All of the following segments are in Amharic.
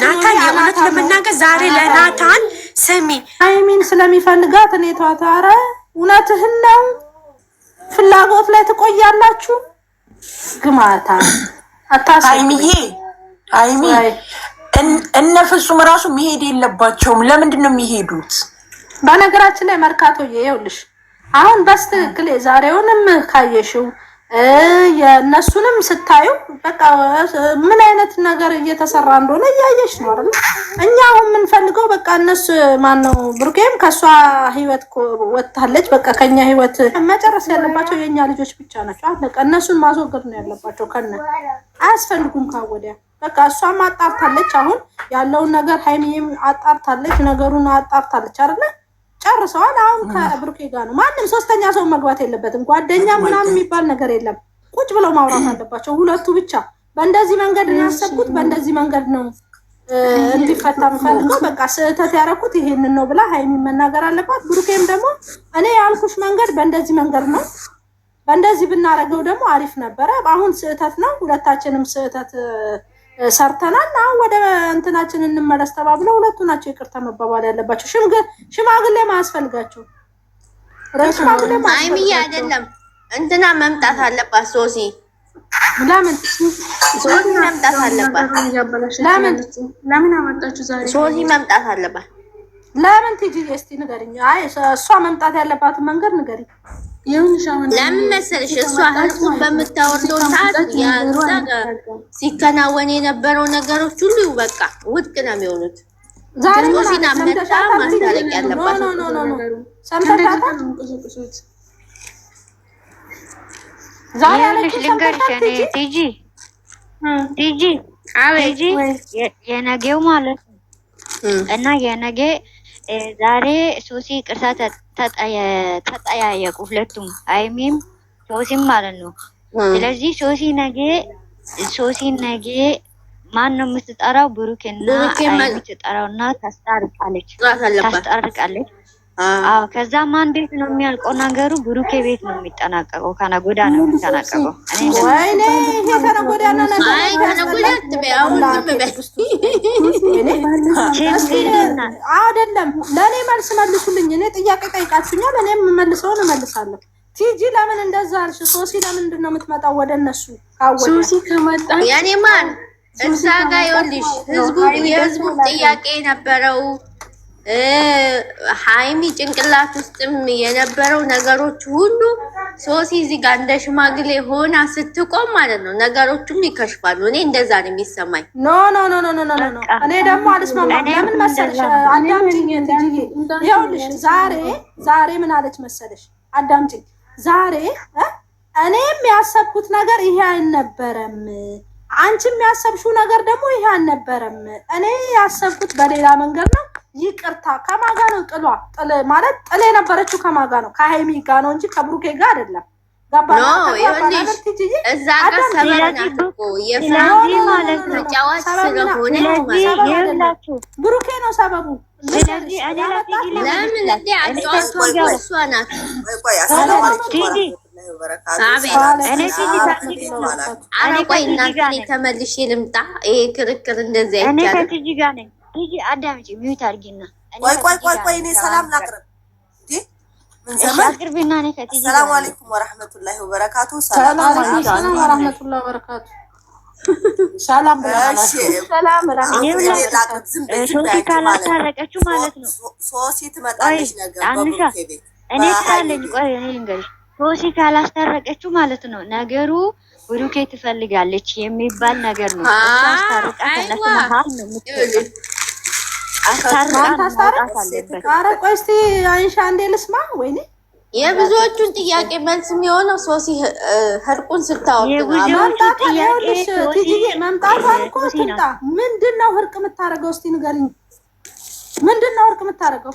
ናታን የእውነት ለመናገር ዛሬ ለናታን ስሚ ሀይሚን ስለሚፈልጋት እኔ ተዋት። ኧረ እውነትህን ነው። ፍላጎት ላይ ትቆያላችሁ። ግማታ አታሳይሚዬ ሀይሚ እነ ፍጹም ራሱ መሄድ የለባቸውም። ለምንድን ነው የሚሄዱት? በነገራችን ላይ መርካቶ ይኸውልሽ አሁን በስትክክል የዛሬውንም ካየሽው የእነሱንም ስታዩ በቃ ምን አይነት ነገር እየተሰራ እንደሆነ እያየሽ ነው አይደል? እኛ አሁን የምንፈልገው በቃ እነሱ ማን ነው ብሩኬም ከእሷ ህይወት ወጥታለች። በቃ ከኛ ህይወት መጨረስ ያለባቸው የእኛ ልጆች ብቻ ናቸው። አለቀ። እነሱን ማስወገድ ነው ያለባቸው። ከነ አያስፈልጉም። ካወዲያ በቃ እሷም አጣርታለች። አሁን ያለውን ነገር ሀይሚም አጣርታለች፣ ነገሩን አጣርታለች አይደለ? ጨርሰዋል። አሁን ከብሩኬ ጋር ነው። ማንም ሶስተኛ ሰው መግባት የለበትም። ጓደኛ ምናምን የሚባል ነገር የለም። ቁጭ ብለው ማውራት አለባቸው ሁለቱ ብቻ። በእንደዚህ መንገድ ነው ያሰብኩት፣ በእንደዚህ መንገድ ነው እንዲፈታ ምፈልገው፣ በቃ ስህተት ያደረኩት ይሄንን ነው ብላ ሀይሚ መናገር አለባት። ብሩኬም ደግሞ እኔ ያልኩሽ መንገድ በእንደዚህ መንገድ ነው፣ በእንደዚህ ብናረገው ደግሞ አሪፍ ነበረ። አሁን ስህተት ነው፣ ሁለታችንም ስህተት ሰርተናል፣ አሁን ወደ እንትናችን እንመለስ ተባብለው ሁለቱ ናቸው ይቅርታ መባባል ያለባቸው። ሽምግ ሽማግሌ ማያስፈልጋቸው አይምዬ አይደለም እንትና መምጣት አለባት ሶሲ ለምን ሶሲ መምጣት አለባት? ለምን ለምን አመጣችሁ ዛሬ? ሶሲ መምጣት አለባት ለምን? ትጂ? እስቲ ንገሪኝ። አይ እሷ መምጣት ያለባትን መንገድ ንገሪኝ። ለምን መሰለሽ እሷ ህዝቡን በምታወርደው ሰዓት ሲከናወን የነበረው ነገሮች ሁሉ በቃ ውድቅ ነው የሚሆኑት። ዚና መጣ ማስታረቅ ያለባት ልንገርሽ፣ እኔ ቲጂ ቲጂ ቲጂ የነገው ማለት እና የነገ ዛሬ ሶሲ ቅርሳ ተጠያየቁ ሁለቱም አይሚም ሶሲም ማለት ነው። ስለዚህ ሶሲ ነገ ሶሲ ነገ ማን ነው የምትጠራው? ብሩኬና አይሚ ትጠራውና ታስታርቃለች ታስታርቃለች አዎ ከዛም እንዴት ነው የሚያልቀው ነገሩ? ብሩኬ ቤት ነው የሚጠናቀቀው። ከነጎዳ ነው የሚጠናቀቀው። ወይኔ ይሄ ከነጎዳ ነው ነገር። አይ ከነጎዳ አትበይ፣ አሁን ዝም በይ። አይደለም ለእኔ መልስ መልሱልኝ። እኔ ጥያቄ ጠይቃችሁኛል፣ እኔ የምመልሰውን እመልሳለሁ። ቲጂ ለምን እንደዛ አልሽ? ሶሲ ለምንድን ነው የምትመጣው ወደ እነሱ? ሶሲ ከመጣ ያኔ ማን እዛ ጋር ይኸውልሽ፣ ህዝቡ የህዝቡ ጥያቄ ነበረው ሀይሚ ጭንቅላት ውስጥም የነበረው ነገሮች ሁሉ ሶሲ እዚህ ጋር እንደ ሽማግሌ ሆና ስትቆም ማለት ነው ነገሮቹም ይከሽፋሉ። እኔ እንደዛ ነው የሚሰማኝ። ኖ ኖ ኖ ኖ ኖ ኖ እኔ ደግሞ አልስማማም። ለምን መሰለሽ አዳምጪኝ፣ ይኸውልሽ ዛሬ ዛሬ ምን አለች መሰለሽ አዳምጪኝ፣ ዛሬ እኔም ያሰብኩት ነገር ይሄ አልነበረም አንቺም ያሰብሽው ነገር ደግሞ ይሄ አልነበረም። እኔ ያሰብኩት በሌላ መንገድ ነው ይቅርታ ከማጋ ነው ጥሏ ጥል ማለት ጥለ የነበረችው ከማጋ ነው ከሀይሚ ጋ ነው እንጂ ከብሩኬ ጋ አይደለም። እዛ ብሩኬ ነው ሰበቡ። ተመልሼ ልምጣ። ይሄ ክርክር እንደዚህ አይቻልም። ሂጂ አዳምጪ። ሚዩት አድርጊና ቆይ ቆይ ቆይ ቆይ እኔ ሰላም ላቅርብ ሰላም አለይኩም ወራህመቱላሂ ወበረካቱ። ሰላም ወራህመቱላሂ ወበረካቱ። ሰላም ካላታረቀችው ማለት ነው። ሶሲ ትመጣለች ነገር እኔ ካለኝ ቆይ እኔ ልንገርሽ ሶሲ ካላስታረቀችው ማለት ነው ነገሩ ብሩኬ ትፈልጋለች የሚባል ነገር ነው። አስታርቃ ነው የምትፈልግ አረ ቆይ እስኪ አንሺ አንዴ ልስማ። ወይኔ የብዙዎቹን ጥያቄ መልስ የሚሆነው ሶሲ ህርቁን ስታወቅ መምጣቷን እኮ ትምጣ። ምንድን ነው ህርቅ የምታደርገው? እስኪ ንገሪኝ፣ ምንድን ነው ህርቅ የምታደርገው?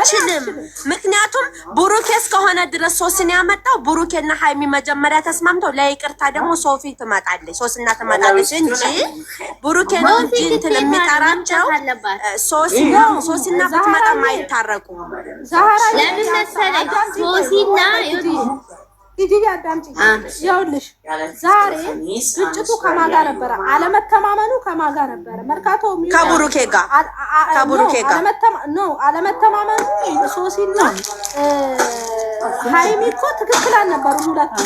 አችልም። ምክንያቱም ብሩኬ እስከሆነ ድረስ ሶስን ያመጣው ብሩኬና ሀይሚ መጀመሪያ ተስማምተው ለይቅርታ ደግሞ ሶፊ ትመጣለች፣ ሶስና ትመጣለች እንጂ ብሩኬ ነው እንጂ እንትን የሚጠራቸው ሶሲና ብትመጣም አይታረቁም። ለምን መሰለኝ ሶሲና እንዲህ አዳምጪ። ይኸውልሽ ዛሬ ግጭቱ ከማጋ ነበረ፣ አለመተማመኑ ከማጋ ነበረ። መርካቶ ከቡሩኬ ጋር ከቡሩኬ ጋር ነው አለመተማመኑ። ሶሲና ሃይሚ እኮ ትክክል አልነበሩም ሁለቱ።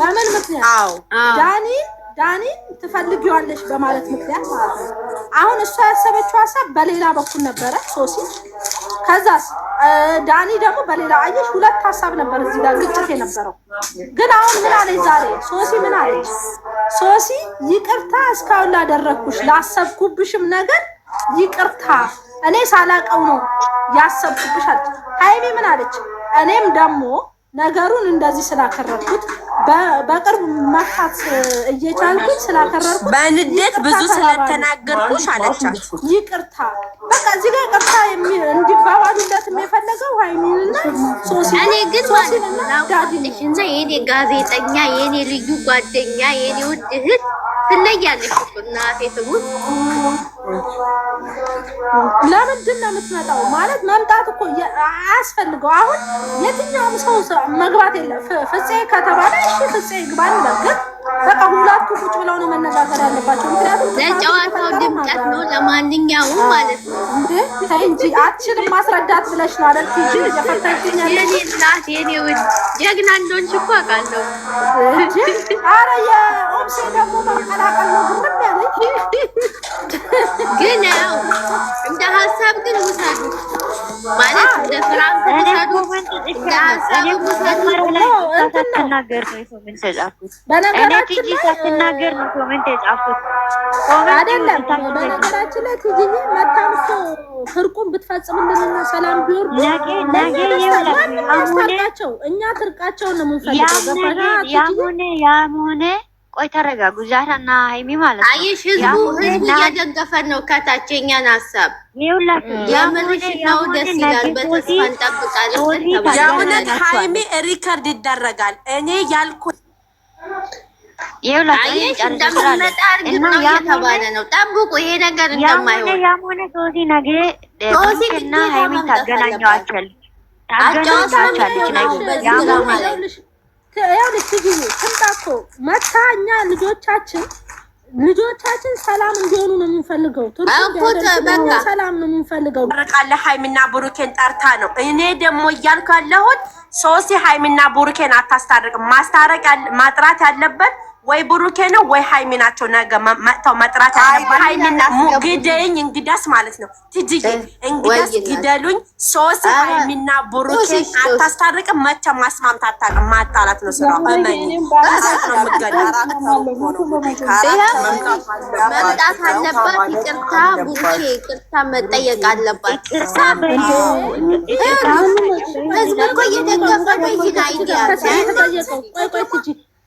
በምን ምክንያት? ዳኒ ዳኒ ትፈልጊዋለሽ በማለት ምክንያት ማለት ነው። አሁን እሷ ያሰበችው ሀሳብ በሌላ በኩል ነበረ ሶሲ ከዛስ ዳኒ ደግሞ በሌላ አየሽ፣ ሁለት ሀሳብ ነበር እዚህ ጋር ግጭት የነበረው። ግን አሁን ምን አለች ዛሬ ሶሲ? ምን አለች ሶሲ? ይቅርታ እስካሁን ላደረግኩሽ ላሰብኩብሽም ነገር ይቅርታ፣ እኔ ሳላቀው ነው ያሰብኩብሽ አለች። ሀይሚ ምን አለች? እኔም ደግሞ ነገሩን እንደዚህ ስላከረኩት በቅርብ መርሳት እየቻልኩኝ ስላከረርኩት በንዴት ብዙ ስለተናገርኩሽ አለቻት። ይቅርታ በቃ እዚህ ጋር ቅርታ እንዲባባሉለት የሚፈለገው ሀይሚንና እኔ ግን ማለት ነው ጋዜጠኛ የኔ ጋዜጠኛ የኔ ልዩ ጓደኛ የኔ ውድ እህት ትለያለሽ እኮ እናቴ ትሙት። ለምንድን ነው የምትመጣው? ማለት መምጣት እኮ አያስፈልገው። አሁን የትኛውም ሰው መግባት የለም ፍፄ ከተባለ እሺ ፍፄ ግባ ነው በቃ ሁላቱ ቁጭ ብለው ነው መነጋገር ያለባቸው። ምክንያቱም ለጨዋታው ድምቀት ነው። ለማንኛውም ማለት ነው እንጂ አችንም ማስረዳት ስለሽ ነው አይደል? እንጂ የኔ እናት የኔ ውድ ጀግና እንደሆንሽ እኮ አውቃለሁ። እንጂ አረ የኦምሴ ደግሞ መቀላቀል ነው ምንም ያለኝ ግን ያው እንደ ሀሳብ ግን ውሰዱ ማለት እንደ ፍራንክ ውሰዱ፣ እንደ ሀሳብ ውሰዱ። ነው ይሁን ምን ተጻፉት ቲጂ ሳትናገር ነው ኮሜንት የጻፉት። አይደለም በነገራችን ላይ ቲጂ መታም እኮ ትርቁን ብትፈጽምልንና ሰላም ቢወርዱ ናቸው። እኛ ትርቃቸውን ነው የምንፈልገው። ያም ሆነ ቆይ ተረጋጉ። ዛራና ሀይሚ ማለት ነው። አየሽ ህዝቡ ህዝቡ እየደገፈን ነው ከታች የእኛን ሀሳብ የምንሽ ነው። ደስ ይላል። በተስፋ እንጠብቃለን። የእውነት ሀይሚ ሪከርድ ይደረጋል። እኔ ያልኩት ሶሲ መታ እኛ ልጆቻችን ልጆቻችን ሰላም እንዲሆኑ ነው የምንፈልገው። ሰላም ነው የምንፈልገው። ርቃለ ሀይሚና ቡሩኬን ጠርታ ነው። እኔ ደግሞ እያልኩ ያለሁት ሶሲ ሀይሚና ቡሩኬን አታስታርቅም። ማስታረቅ ማጥራት ያለበት ወይ ብሩኬ ነው ወይ ሀይሚ ናቸው። ነገ መጥተው መጥራት ሀይሚና ግደኝ እንግዳስ ማለት ነው። ትጅዬ እንግዳስ ግደሉኝ። ሶስ ሃይሚና ብሩኬ አታስታርቅም። መቼ ማስማምት አታውቅም። ማጣላት ነው ስራ ይቅርታ ይቅርታ መጠየቅ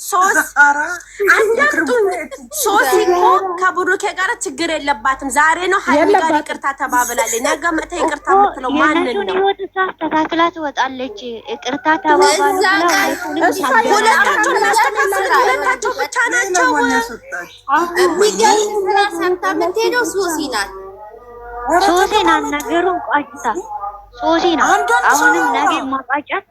ሶሲ እኮ ከብሩኬ ጋር ችግር የለባትም። ዛሬ ነው ሀይሚ ጋር ይቅርታ ተባብላለች። ነገ መተ ይቅርታ የምትለው ማንን ነው? ተካክላ ትወጣለች። ይቅርታ ተባባሉ። ብቻ ናቸው። ሶሲ ናት። ሶሲ ናት። ነገሩን ቋጭታ ሶሲ ናት። አሁንም ነገ ማቋጫት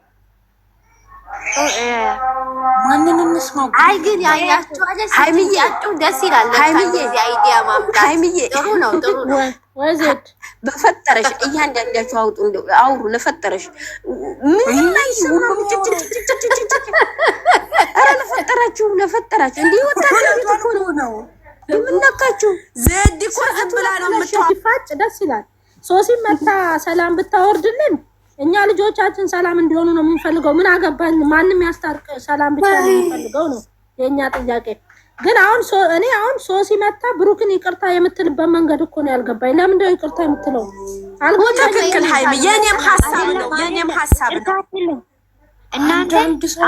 ማንን እንስማው? አይ ግን ያያችሁ አለ ስትያችሁ ደስ ይላል። አይዲያ ማምጣት ሃይሚዬ ጥሩ ነው፣ ጥሩ ነው። ወዘድ በፈጠረሽ እያንዳንዳችሁ አውጡ፣ እንደው አውሩ። ለፈጠረሽ ምንም አይሰማም። ኧረ ለፈጠራችሁ፣ ለፈጠራችሁ እንዲህ ወጣችሁ ነው የምናካችሁ። ዘድ እኮ ዝም ብላ ነው የምታፋጭ። ደስ ይላል። ሶሲ መታ ሰላም ብታወርድልን እኛ ልጆቻችን ሰላም እንዲሆኑ ነው የምንፈልገው። ምን አገባኝ ማንም ያስታርቅ፣ ሰላም ብቻ ነው የምንፈልገው ነው የእኛ ጥያቄ። ግን አሁን እኔ አሁን ሶሲ መታ ብሩክን ይቅርታ የምትልበት መንገድ እኮ ነው ያልገባኝ። ለምንድ ይቅርታ የምትለው አልጎትክክል ሀይም የእኔም ሀሳብ ነው የእኔም ሀሳብ ነው። እናንተ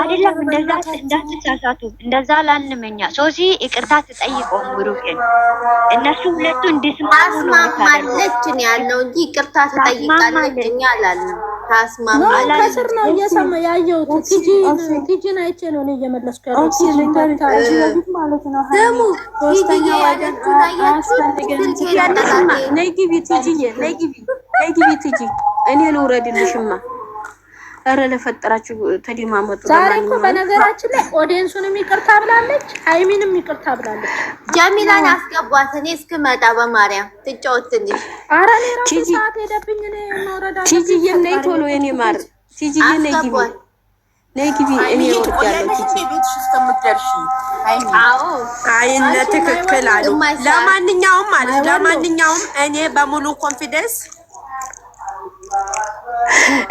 አይደለም እንደዛ እንዳትሳሳቱ፣ እንደዛ ላንመኛ ሶሲ ይቅርታ ትጠይቀው ብሩክን እነሱ ሁለቱ እንዲስማሙ ነው ያለው እንጂ ይቅርታ ትጠይቃለች እኛ አላልንም። ታስማማከስር ነው እየሰማ ያየሁት ቲጂን አይቼ ነው እኔ እየመለስኩ ያለው ማለት ነው። ደግሞ ቲጂዬ ያለችው ታያችሁ። ነይ ግቢ ቲጂዬ፣ ነይ ግቢ፣ ነይ ግቢ ቲጂ፣ እኔ ልውረድልሽማ ኧረ ለፈጠራችሁ ተደማመጡ። ዛሬ እኮ በነገራችን ላይ ኦዲየንሱንም ይቅርታ ብላለች፣ ሀይሚንም ይቅርታ ብላለች። ጀሚላን አስገቧት፣ እኔ እስክመጣ በማርያም ትጫወት ትንሽ። ኧረ እኔ እራሱ ሰዓት ሄደብኝ። እኔ መውረድ ቲጂዬ ነይ ቶሎ የኔ ማር፣ ቲጂዬ ነይ ግቢ፣ ነይ ግቢ። እኔ እወርዳለሁ ቤትሽ ትክክል አሉ። ለማንኛውም ማለት ለማንኛውም እኔ በሙሉ ኮንፊደንስ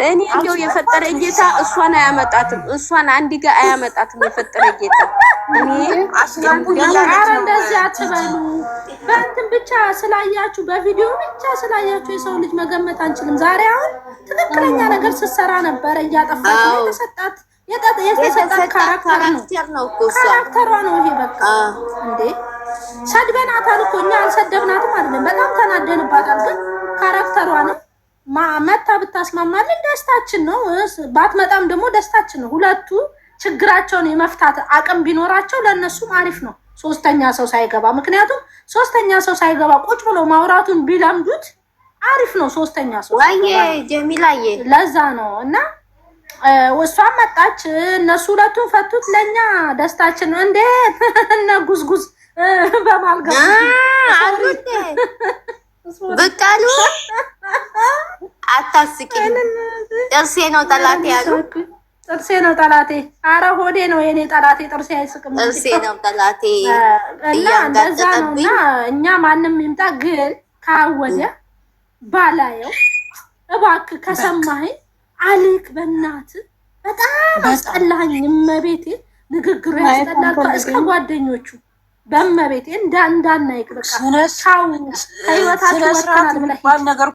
እኔ እንደው የፈጠረ ጌታ እሷን አያመጣትም፣ እሷን አንድ ጋር አያመጣትም የፈጠረ ጌታ። ኧረ እንደዚህ አትበሉ። በእንትን ብቻ ስላያችሁ፣ በቪዲዮ ብቻ ስላያችሁ የሰው ልጅ መገመት አንችልም። ዛሬ አሁን ትክክለኛ ነገር ስትሰራ ነበረ እያጠፋች የተሰጣት የተሰጣት ካራክተር ነው ካራክተሯ ነው ይሄ በቃ እንዴ ሰድበናታል እኮ እኛ አልሰደብናትም አይደለም። በጣም ተናደንባታል፣ ግን ካራክተሯ ነው መታ ብታስማማልን ደስታችን ነው። ባትመጣም ደግሞ ደስታችን ነው። ሁለቱ ችግራቸውን የመፍታት አቅም ቢኖራቸው ለእነሱም አሪፍ ነው፣ ሶስተኛ ሰው ሳይገባ። ምክንያቱም ሶስተኛ ሰው ሳይገባ ቁጭ ብለው ማውራቱን ቢለምዱት አሪፍ ነው። ሶስተኛ ሰው ጀሚላዬ፣ ለዛ ነው እና እሷም መጣች፣ እነሱ ሁለቱን ፈቱት። ለእኛ ደስታችን ነው። እንዴት እነ ጉዝጉዝ በማልገ በቃሉ አታስቂ። ጥርሴ ነው ጠላቴ ያሉ ጥርሴ ነው ጠላቴ። አረ ሆዴ ነው የኔ ጠላቴ። ጥርሴ አይስቅም። ጥርሴ ነው ጠላቴ እና እንደዛ ነው። እና እኛ ማንም ይምጣ ግን ባላየው እባክህ ከሰማኸኝ አልክ በእናት በጣም እመቤቴ ንግግሩ ያስጠላል እስከ ጓደኞቹ በመቤቴ እንዳናይቅ በቃ ታው ከህይወታችሁ ወጥተናል ብለህ